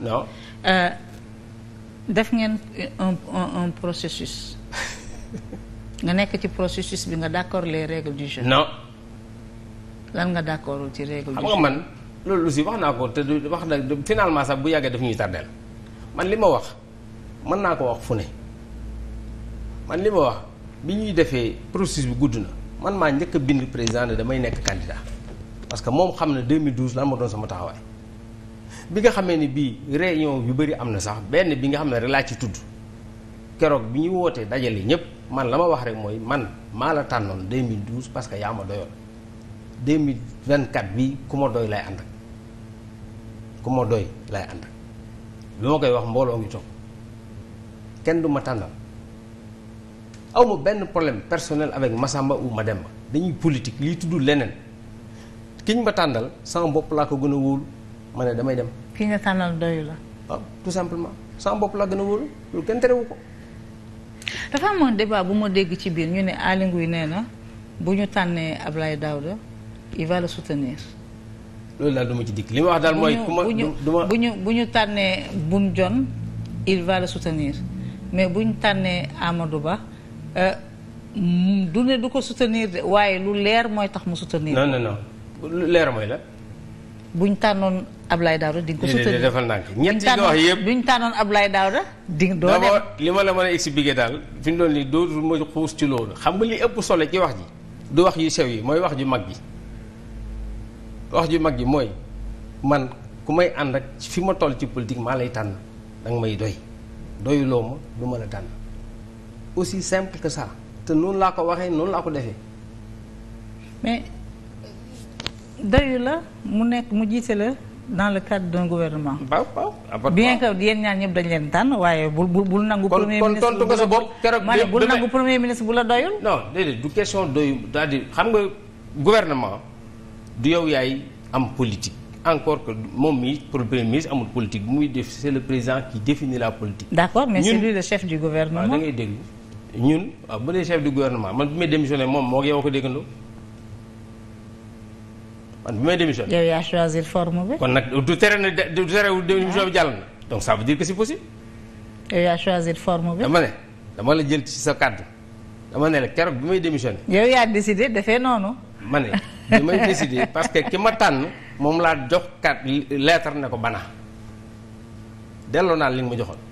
non euh, def ngeen un un processus nga nekk ci processus bi nga d'accord les règles du jeu. non. lan nga d'accord ci règle du jeu. xam man loolu aussi wax naa ko te wax na finalement sax bu yàggee daf ñuy tardeel man li ma wax mën naa ko wax fu ne man li ma wax bi ñuy defee processus bi gudd na man maa njëkk a bind président ne damay nekk candidat parce que moom xam ne 2012 lan ma doon sama taxawaay. bi nga xamee ne bii réunion yu bëri am na sax benn bi nga xam ne rek laa ci tudd keroog bi ñuy wootee dajale ñëpp man la ma wax rek mooy man maa la tànnoon 2012 parce que yaa ma vingt 2024 bi ku ma doy lay ànd ak ku ma doy lay ànd ak lu ma koy wax mbooloo ngi toog kenn du ma tànnal aw benn problème personnel avec Massamba dem ma dañuy politique liy tudd leneen kiñ ma tàndal sama bopp laa ko gën a wóolu. ma damay dem. ki nga tànnal doyu la. waaw ah, tout simplement sama bopp laa gën a wóolu loolu kenn terewu ko. dafa amoon débat bu ma dégg ci biir ñu ne Aly Ngouille nee na bu ñu tànnee Ablaye Daouda il va le soutenir. loolu daal du ma ci dikk li ma wax daal mooy. bu ñu bu ñu tànnee Boun jon il va le soutenir mais bu ñu tànnee Amadou Ba. Euh, du ne du ko soutenir de waaye lu leer mooy tax mu soutenir. non non non lu leer mooy la. buñ tànnoon Ablaye Daouda di nga ko soutenir defal naa ko ñett yi nga wax yëpp buñ tànnoon Ablaye Daouda di doo dem li ma la mën a expliquer daal fi mu doon nii dootul ma xuus ci loolu xam nga li ëpp solo ci wax ji du wax yu sew yi mooy wax ju mag ji wax ju mag ji mooy man ku may ànd ak fi ma toll ci politique maa lay tànn danga may doy loo ma du ma la tànn aussi simple que ça te noonu laa ko waxee noonu laa ko defee dayu la mu nekk mu jiite la dans le cadre d'un gouvernement. waaw waaw bien que yéen ñaar ñëpp dañ leen tànn waaye bu bu bu nangu. premier ministre kon tontu nga sa bopp keroog ma ne bul nangu premier ministre bu la doyul. non déedéet du question doyul cest à xam nga gouvernement du yow yaay am politique. encore que moom mi premier ministre amul politique muy def c'est le président qui définit la politique. d'accord mais c'est lui le chef du gouvernement. waaw ah, ah, man bu may démissionné moom moo yow ko déggandoo. man bi may démissionné. yow yaa choisir forme bi. kon nag du tere na du terewul démission bi jàll na. donc ça veut dire que c'est possible. yow yaa choisir forme bi. dama ne dama la jël ci sa kàddu dama ne la keroog bi may démissionné. yow yaa décidé defee noonu. ma ne bi may décidé parce que ki ma tànn moom laa jox kat lettre ne ko bana delloo naa li nga ma joxoon.